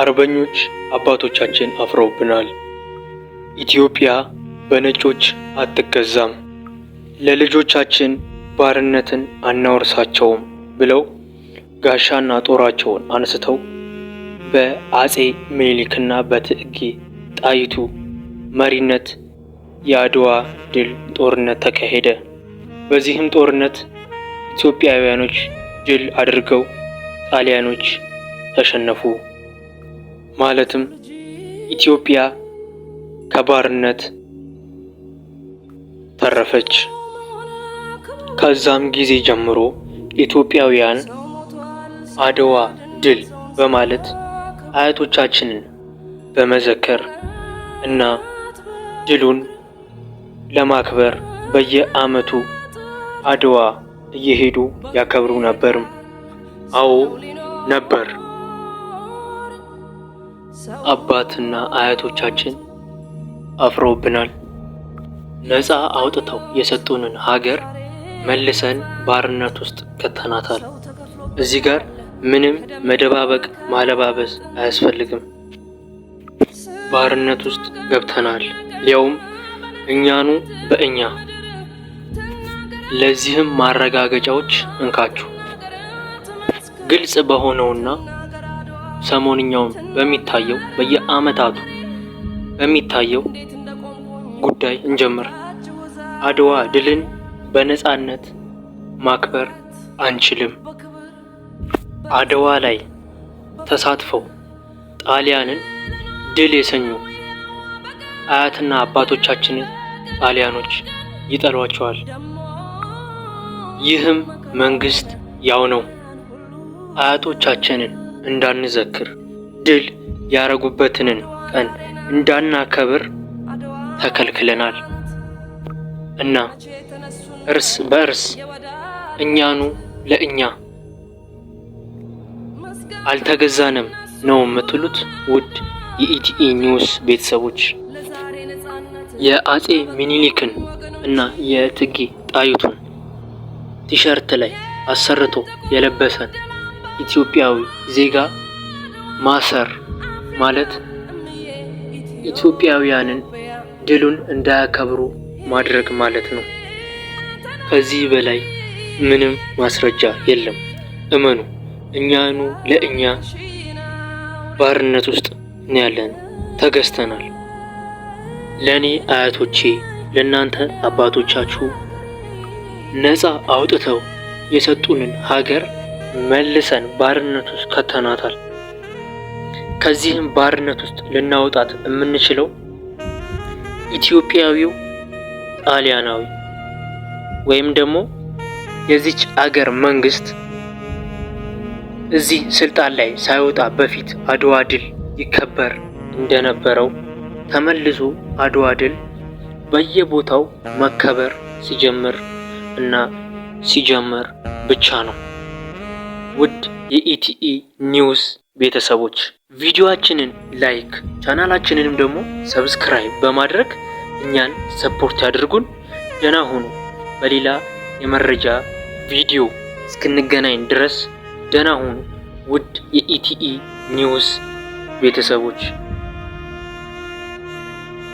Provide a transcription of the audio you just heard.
አርበኞች አባቶቻችን አፍረውብናል። ኢትዮጵያ በነጮች አትገዛም፣ ለልጆቻችን ባርነትን አናወርሳቸውም ብለው ጋሻና ጦራቸውን አንስተው በአጼ ምኒልክና በትዕጌ ጣይቱ መሪነት የአድዋ ድል ጦርነት ተካሄደ። በዚህም ጦርነት ኢትዮጵያውያኖች ድል አድርገው ጣሊያኖች ተሸነፉ። ማለትም ኢትዮጵያ ከባርነት ተረፈች። ከዛም ጊዜ ጀምሮ ኢትዮጵያውያን አድዋ ድል በማለት አያቶቻችንን በመዘከር እና ድሉን ለማክበር በየዓመቱ አድዋ እየሄዱ ያከብሩ ነበርም። አዎ ነበር። አባትና አያቶቻችን አፍረውብናል። ነፃ አውጥተው የሰጡንን ሀገር መልሰን ባርነት ውስጥ ከተናታል። እዚህ ጋር ምንም መደባበቅ ማለባበስ አያስፈልግም። ባርነት ውስጥ ገብተናል፣ ያውም እኛኑ በእኛ። ለዚህም ማረጋገጫዎች እንካችሁ ግልጽ በሆነውና ሰሞንኛውን በሚታየው በየአመታቱ በሚታየው ጉዳይ እንጀምር። አድዋ ድልን በነጻነት ማክበር አንችልም። አድዋ ላይ ተሳትፈው ጣሊያንን ድል የሰኙ አያትና አባቶቻችንን ጣሊያኖች ይጠሏቸዋል። ይህም መንግስት ያው ነው አያቶቻችንን እንዳንዘክር፣ ድል ያረጉበትንን ቀን እንዳናከብር ተከልክለናል እና እርስ በእርስ እኛኑ ለእኛ አልተገዛንም ነው የምትሉት ውድ የኢቲኢ ኒውስ ቤተሰቦች የአጼ ሚኒሊክን እና የትጌ ጣይቱን ቲሸርት ላይ አሰርቶ የለበሰን ኢትዮጵያዊ ዜጋ ማሰር ማለት ኢትዮጵያውያንን ድሉን እንዳያከብሩ ማድረግ ማለት ነው። ከዚህ በላይ ምንም ማስረጃ የለም። እመኑ፣ እኛኑ ለእኛ ባርነት ውስጥ ነው ያለን፣ ተገዝተናል። ለእኔ አያቶቼ ለእናንተ አባቶቻችሁ ነፃ አውጥተው የሰጡንን ሀገር መልሰን ባርነት ውስጥ ከተናታል። ከዚህም ባርነት ውስጥ ልናወጣት የምንችለው ኢትዮጵያዊው ጣሊያናዊ ወይም ደግሞ የዚች አገር መንግስት እዚህ ስልጣን ላይ ሳይወጣ በፊት አድዋ ድል ይከበር እንደነበረው ተመልሶ አድዋ ድል በየቦታው መከበር ሲጀምር እና ሲጀምር ብቻ ነው። ውድ የኢቲኢ ኒውስ ቤተሰቦች ቪዲዮአችንን ላይክ ቻናላችንንም ደግሞ ሰብስክራይብ በማድረግ እኛን ሰፖርት ያድርጉን። ደህና ሁኑ። በሌላ የመረጃ ቪዲዮ እስክንገናኝ ድረስ ደህና ሁኑ ውድ የኢቲኢ ኒውስ ቤተሰቦች።